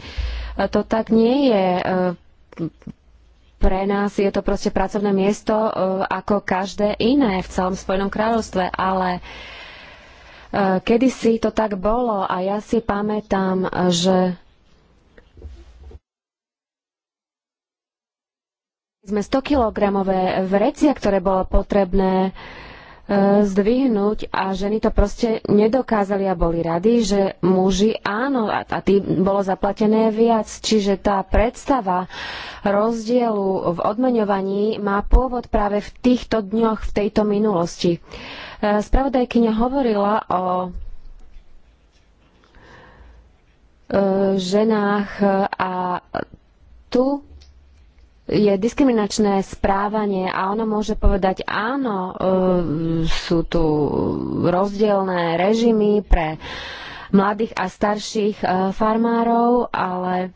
to tak nie je. E, pre nás je to proste pracovné miesto e, ako každé iné v celom Spojenom kráľovstve, ale e, kedysi to tak bolo a ja si pamätám, že sme 100-kilogramové vrecia, ktoré bolo potrebné uh, E, zdvihnúť a ženy to proste nedokázali a boli rady, že muži áno a, a tým bolo zaplatené viac. Čiže tá predstava rozdielu v odmeňovaní má pôvod práve v týchto dňoch, v tejto minulosti. E, spravodajkyňa hovorila o e, ženách a tu je diskriminačné správanie a ono môže povedať áno, e, sú tu rozdielne režimy pre mladých a starších e, farmárov, ale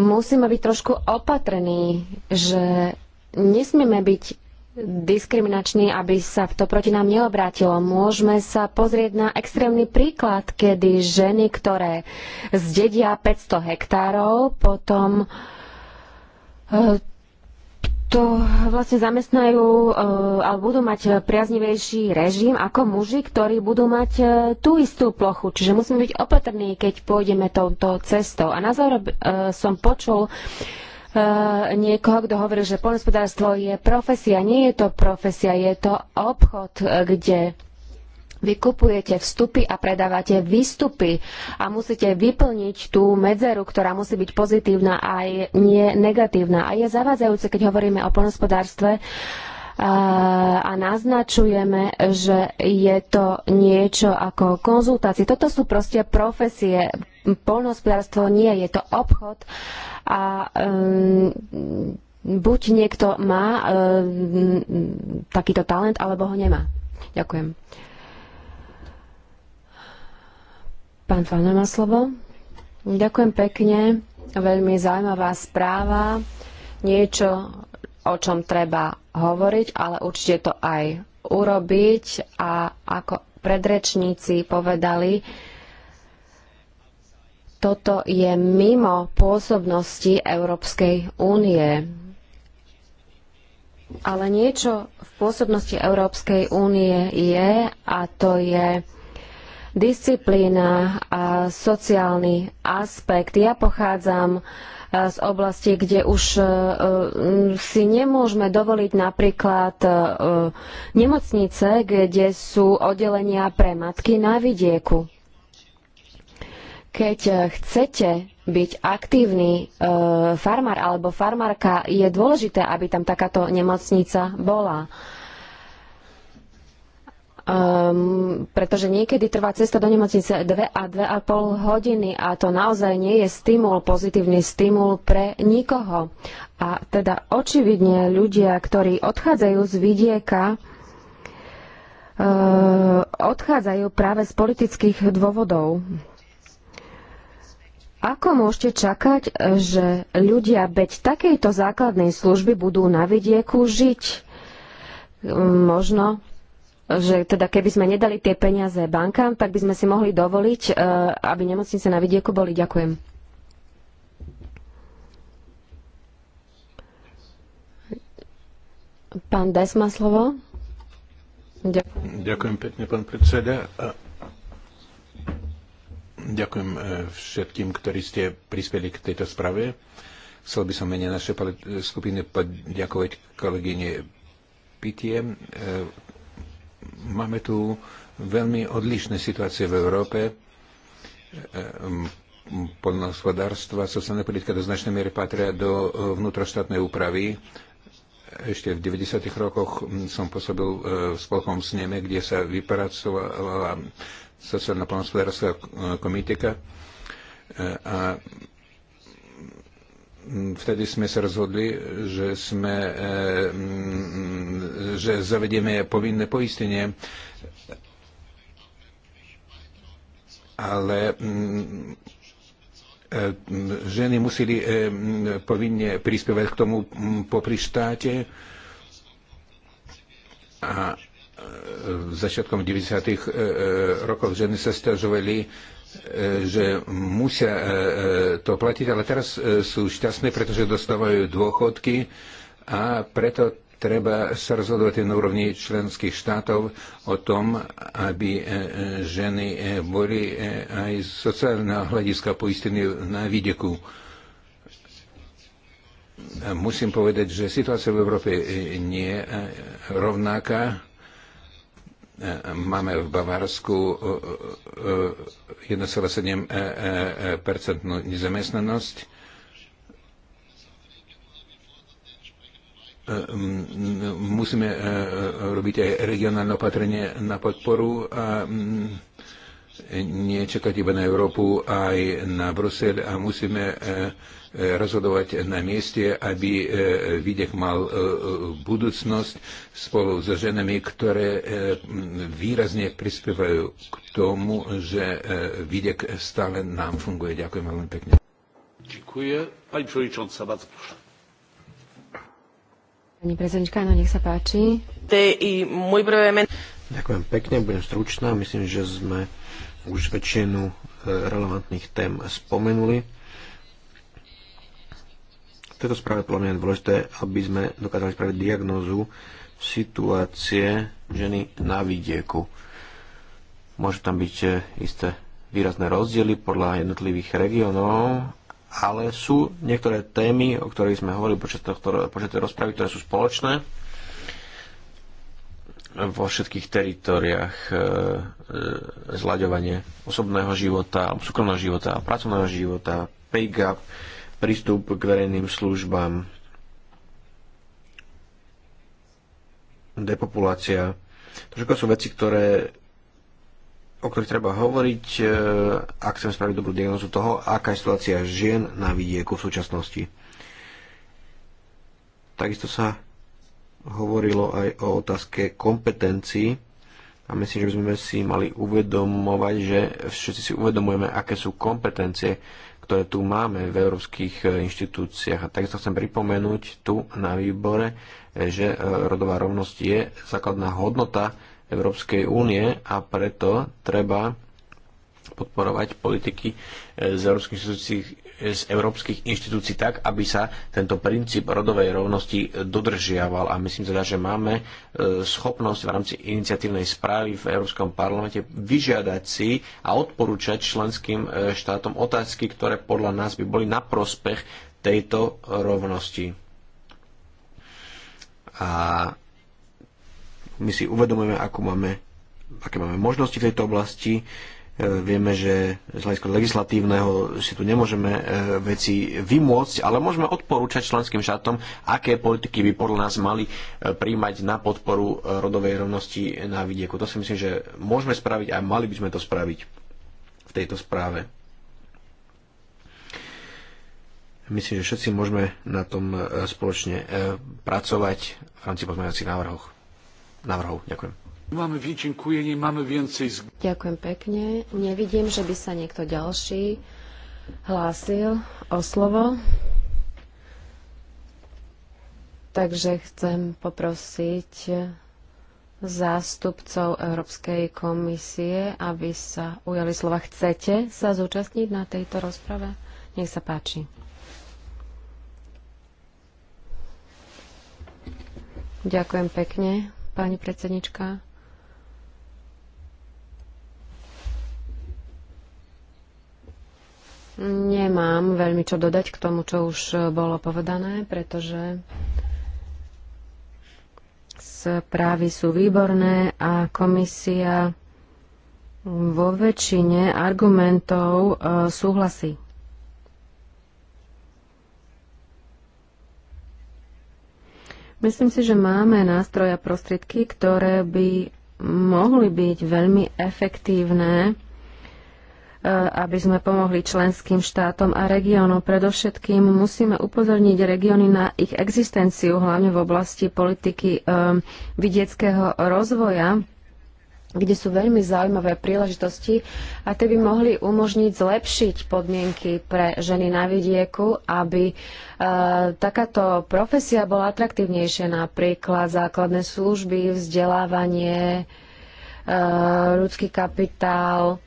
musíme byť trošku opatrní, že nesmieme byť diskriminační, aby sa to proti nám neobrátilo. Môžeme sa pozrieť na extrémny príklad, kedy ženy, ktoré zdedia 500 hektárov, potom uh, to vlastne zamestnajú e, alebo budú mať priaznivejší režim ako muži, ktorí budú mať e, tú istú plochu. Čiže musíme byť opatrní, keď pôjdeme touto cestou. A na záver e, som počul niekoho, kto hovoril, že poľnospodárstvo je profesia. Nie je to profesia, je to obchod, kde vy kupujete vstupy a predávate výstupy a musíte vyplniť tú medzeru, ktorá musí byť pozitívna a nie negatívna. A je zavádzajúce, keď hovoríme o plnospodárstve, a naznačujeme, že je to niečo ako konzultácie. Toto sú proste profesie. Polnohospodárstvo nie, je to obchod a um, buď niekto má um, takýto talent, alebo ho nemá. Ďakujem. Pán Fána má slovo. Ďakujem pekne. Veľmi zaujímavá správa. Niečo, o čom treba hovoriť, ale určite to aj urobiť. A ako predrečníci povedali, toto je mimo pôsobnosti Európskej únie. Ale niečo v pôsobnosti Európskej únie je a to je disciplína a sociálny aspekt. Ja pochádzam e, z oblasti, kde už e, e, si nemôžeme dovoliť napríklad nemocnice, kde sú oddelenia pre matky na vidieku. Keď chcete byť aktívny farmár alebo farmárka, je dôležité, aby tam takáto nemocnica bola Um, pretože niekedy trvá cesta do nemocnice 2 a 2,5 hodiny a to naozaj nie je stimul, pozitívny stimul pre nikoho. A teda očividne ľudia, ktorí odchádzajú z vidieka, uh, odchádzajú práve z politických dôvodov. Ako môžete čakať, že ľudia beď takejto základnej služby budú na vidieku žiť? Ehm, možno že teda keby sme nedali tie peniaze bankám, tak by sme si mohli dovoliť, e, aby nemocnice na vidieku boli. Ďakujem. Pán Des má slovo. Ďakujem. Ďakujem pekne, pán predseda. Ďakujem e, všetkým, ktorí ste prispeli k tejto sprave. Chcel by som mene našej skupiny poďakovať kolegyne Pitiem, e, Máme tu veľmi odlišné situácie v Európe. Polnohospodárstva sociálna politika do značnej miery patria do vnútroštátnej úpravy. Ešte v 90. rokoch som pôsobil e, v spolkom sneme, kde sa vypracovala sociálna polnohospodárstva komitika e, a Mm, vtedy sme sa rozhodli, že, sme, e, mm, že zavedieme povinné poistenie, ale mm, e, ženy museli e, povinne prispievať k tomu popri štáte a začiatkom 90. rokov ženy sa stiažovali E, že musia e, e, to platiť, ale teraz sú šťastné, pretože dostávajú dôchodky a preto treba sa rozhodovať na úrovni členských štátov o tom, aby ženy boli aj z sociálneho hľadiska poistené na výdeku. Musím povedať, že situácia v Európe nie je rovnaká Máme v Bavarsku 17 e, e, e, nezamestnanosť. Musíme robiť aj regionálne opatrenie na podporu a nečakať iba na Európu, aj na Brusel a musíme E, rozhodovať na mieste, aby e, Videk mal e, budúcnosť spolu so ženami, ktoré výrazne prispievajú k tomu, že Videk stále nám funguje. Ďakujem veľmi pekne. Ďakujem. Pani przewodnicząca, vás proszę. Pani prezidentka, no nech sa páči. Ďakujem pekne, budem stručná. Myslím, že sme už väčšinu relevantných tém spomenuli tejto správe podľa mňa je dôležité, aby sme dokázali spraviť diagnózu situácie ženy na vidieku. Môžu tam byť eh, isté výrazné rozdiely podľa jednotlivých regiónov, ale sú niektoré témy, o ktorých sme hovorili počas, tohto, počas tej rozpravy, ktoré sú spoločné vo všetkých teritoriách e, e, zľaďovanie osobného života, súkromného života, pracovného života, pay gap, prístup k verejným službám, depopulácia. To všetko sú veci, ktoré, o ktorých treba hovoriť, e, ak chcem spraviť dobrú diagnozu toho, aká je situácia žien na vidieku v súčasnosti. Takisto sa hovorilo aj o otázke kompetencií a myslím, že by sme si mali uvedomovať, že všetci si uvedomujeme, aké sú kompetencie ktoré tu máme v európskych e, inštitúciách. A takisto chcem pripomenúť tu na výbore, e, že e, rodová rovnosť je základná hodnota Európskej únie a preto treba podporovať politiky z európskych inštitúcií, z európskych inštitúcií tak, aby sa tento princíp rodovej rovnosti dodržiaval. A myslím teda, že máme e, schopnosť v rámci iniciatívnej správy v Európskom parlamente vyžiadať si a odporúčať členským e, štátom otázky, ktoré podľa nás by boli na prospech tejto rovnosti. A my si uvedomujeme, ako máme, aké máme možnosti v tejto oblasti E, vieme, že z hľadiska legislatívneho si tu nemôžeme e, veci vymôcť, ale môžeme odporúčať členským štátom, aké politiky by podľa nás mali e, príjmať na podporu rodovej rovnosti na vidieku. To si myslím, že môžeme spraviť a mali by sme to spraviť v tejto správe. Myslím, že všetci môžeme na tom spoločne pracovať v rámci pozmeňovacích návrhov. Návrhov. Ďakujem. Ďakujem pekne. Nevidím, že by sa niekto ďalší hlásil o slovo. Takže chcem poprosiť zástupcov Európskej komisie, aby sa ujali slova. Chcete sa zúčastniť na tejto rozprave? Nech sa páči. Ďakujem pekne, pani predsednička. Nemám veľmi čo dodať k tomu, čo už bolo povedané, pretože správy sú výborné a komisia vo väčšine argumentov e, súhlasí. Myslím si, že máme nástroje a prostriedky, ktoré by mohli byť veľmi efektívne E, aby sme pomohli členským štátom a regiónom. Predovšetkým musíme upozorniť regióny na ich existenciu, hlavne v oblasti politiky e, vidieckého rozvoja kde sú veľmi zaujímavé príležitosti a tie by mohli umožniť zlepšiť podmienky pre ženy na vidieku, aby e, takáto profesia bola atraktívnejšia, napríklad základné služby, vzdelávanie, e, ľudský kapitál,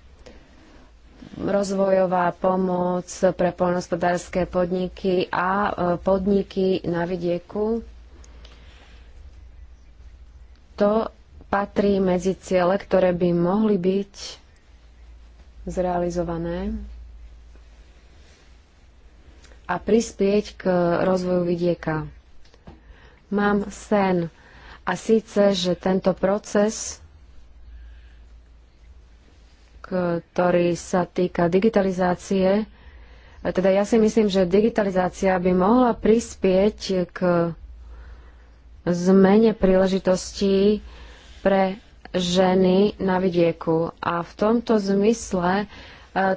rozvojová pomoc pre poľnohospodárske podniky a e, podniky na vidieku. To patrí medzi ciele, ktoré by mohli byť zrealizované a prispieť k rozvoju vidieka. Mám sen a síce, že tento proces ktorý sa týka digitalizácie. Teda ja si myslím, že digitalizácia by mohla prispieť k zmene príležitostí pre ženy na vidieku. A v tomto zmysle e,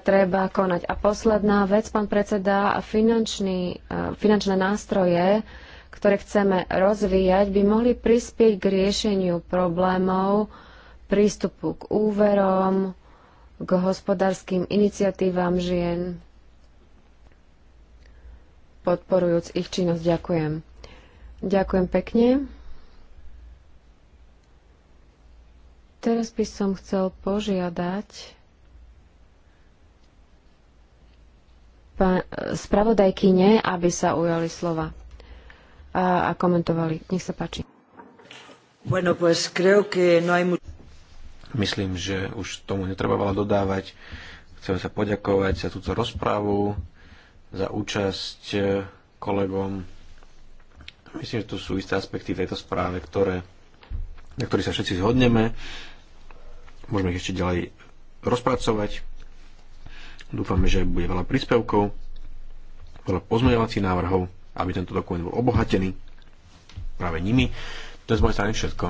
treba konať. A posledná vec, pán predseda, finančný, e, finančné nástroje, ktoré chceme rozvíjať, by mohli prispieť k riešeniu problémov prístupu k úverom, k hospodárskym iniciatívam žien, podporujúc ich činnosť. Ďakujem. Ďakujem pekne. Teraz by som chcel požiadať spravodajkyne, aby sa ujali slova a, a komentovali. Nech sa páči. Bueno, pues creo que no hay mucho... Myslím, že už tomu netreba veľa dodávať. Chcem sa poďakovať za túto rozprávu, za účasť eh, kolegom. Myslím, že tu sú isté aspekty tejto správe, ktoré, na ktorých sa všetci zhodneme. Môžeme ich ešte ďalej rozpracovať. Dúfame, že bude veľa príspevkov, veľa pozmeňovacích návrhov, aby tento dokument bol obohatený práve nimi. To je z mojej strany všetko.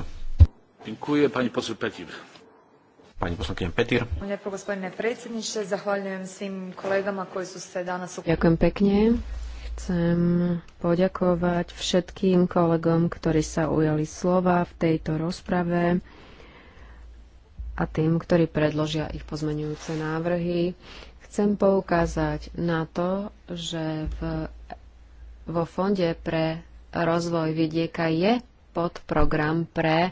Ďakujem pani poslu Petir. Pani poslankyňa Petir. Lepo, gospodine predsedniče, zahvaľujem svým kolegama, ktorí sú danas... Ďakujem pekne. Chcem poďakovať všetkým kolegom, ktorí sa ujali slova v tejto rozprave a tým, ktorí predložia ich pozmenujúce návrhy. Chcem poukázať na to, že v, vo Fonde pre rozvoj vidieka je podprogram pre uh,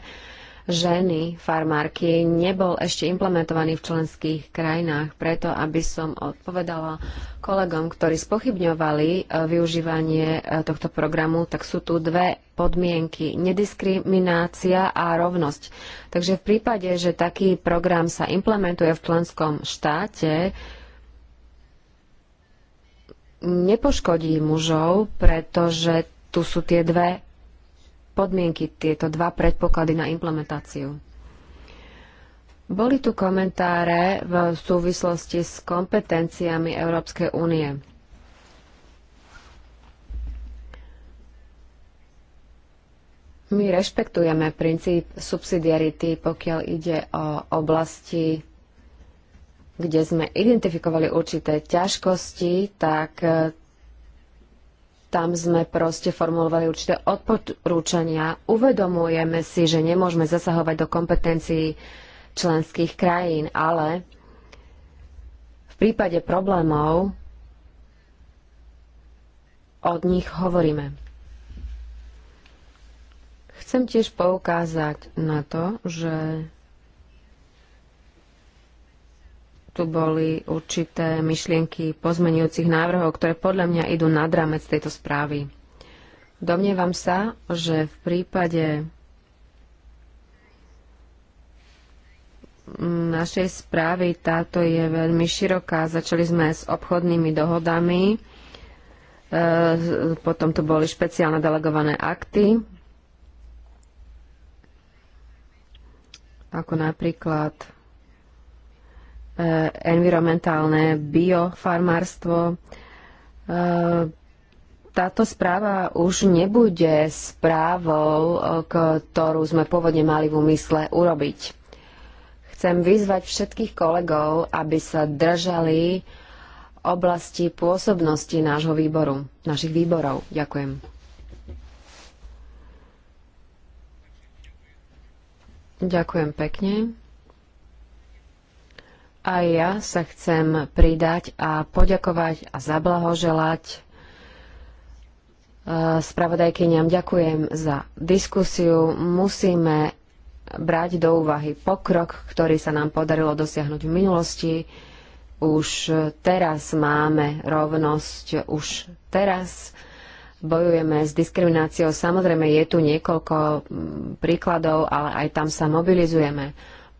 ženy farmárky nebol ešte implementovaný v členských krajinách. Preto, aby som odpovedala kolegom, ktorí spochybňovali e, využívanie e, tohto programu, tak sú tu dve podmienky. Nediskriminácia a rovnosť. Takže v prípade, že taký program sa implementuje v členskom štáte, nepoškodí mužov, pretože tu sú tie dve podmienky, tieto dva predpoklady na implementáciu. Boli tu komentáre v súvislosti s kompetenciami Európskej únie. My rešpektujeme princíp subsidiarity, pokiaľ ide o oblasti, kde sme identifikovali určité ťažkosti, tak tam sme proste formulovali určité odporúčania. Uvedomujeme si, že nemôžeme zasahovať do kompetencií členských krajín, ale v prípade problémov od nich hovoríme. Chcem tiež poukázať na to, že tu boli určité myšlienky pozmenujúcich návrhov, ktoré podľa mňa idú nad rámec tejto správy. Domnievam sa, že v prípade našej správy táto je veľmi široká. Začali sme s obchodnými dohodami, e, potom tu boli špeciálne delegované akty, ako napríklad Eh, environmentálne biofarmárstvo. Eh, táto správa už nebude správou, eh, ktorú sme pôvodne mali v úmysle urobiť. Chcem vyzvať všetkých kolegov, aby sa držali oblasti pôsobnosti nášho výboru, našich výborov. Ďakujem. Ďakujem pekne. A ja sa chcem pridať a poďakovať a zablahoželať e, spravodajkyniam. Ďakujem za diskusiu. Musíme brať do úvahy pokrok, ktorý sa nám podarilo dosiahnuť v minulosti. Už teraz máme rovnosť, už teraz bojujeme s diskrimináciou. Samozrejme, je tu niekoľko mm, príkladov, ale aj tam sa mobilizujeme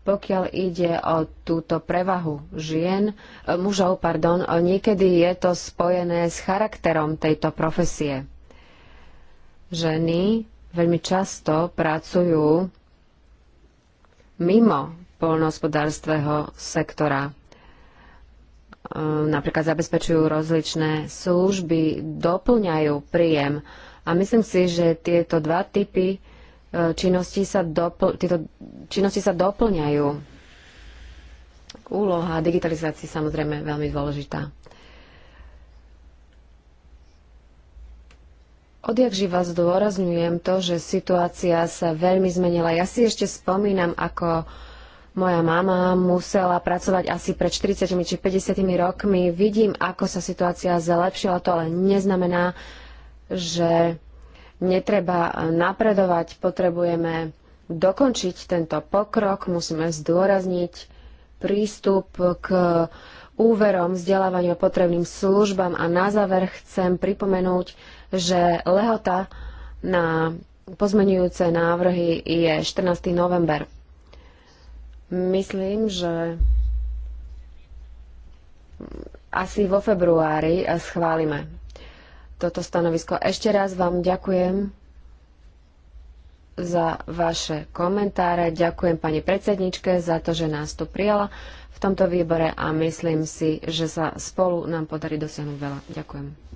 pokiaľ ide o túto prevahu žien, e, mužov, pardon, e, niekedy je to spojené s charakterom tejto profesie. Ženy veľmi často pracujú mimo polnohospodárstveho sektora. E, napríklad zabezpečujú rozličné služby, doplňajú príjem. A myslím si, že tieto dva typy činnosti sa, dopl- tieto činnosti sa doplňajú. Úloha digitalizácie samozrejme veľmi dôležitá. Odjak živa zdôrazňujem to, že situácia sa veľmi zmenila. Ja si ešte spomínam, ako moja mama musela pracovať asi pred 40 či 50 rokmi. Vidím, ako sa situácia zlepšila. To ale neznamená, že netreba napredovať, potrebujeme dokončiť tento pokrok, musíme zdôrazniť prístup k úverom, vzdelávaniu a potrebným službám. A na záver chcem pripomenúť, že lehota na pozmenujúce návrhy je 14. november. Myslím, že asi vo februári schválime toto stanovisko. Ešte raz vám ďakujem za vaše komentáre. Ďakujem pani predsedničke za to, že nás tu prijala v tomto výbore a myslím si, že sa spolu nám podarí dosiahnuť veľa. Ďakujem.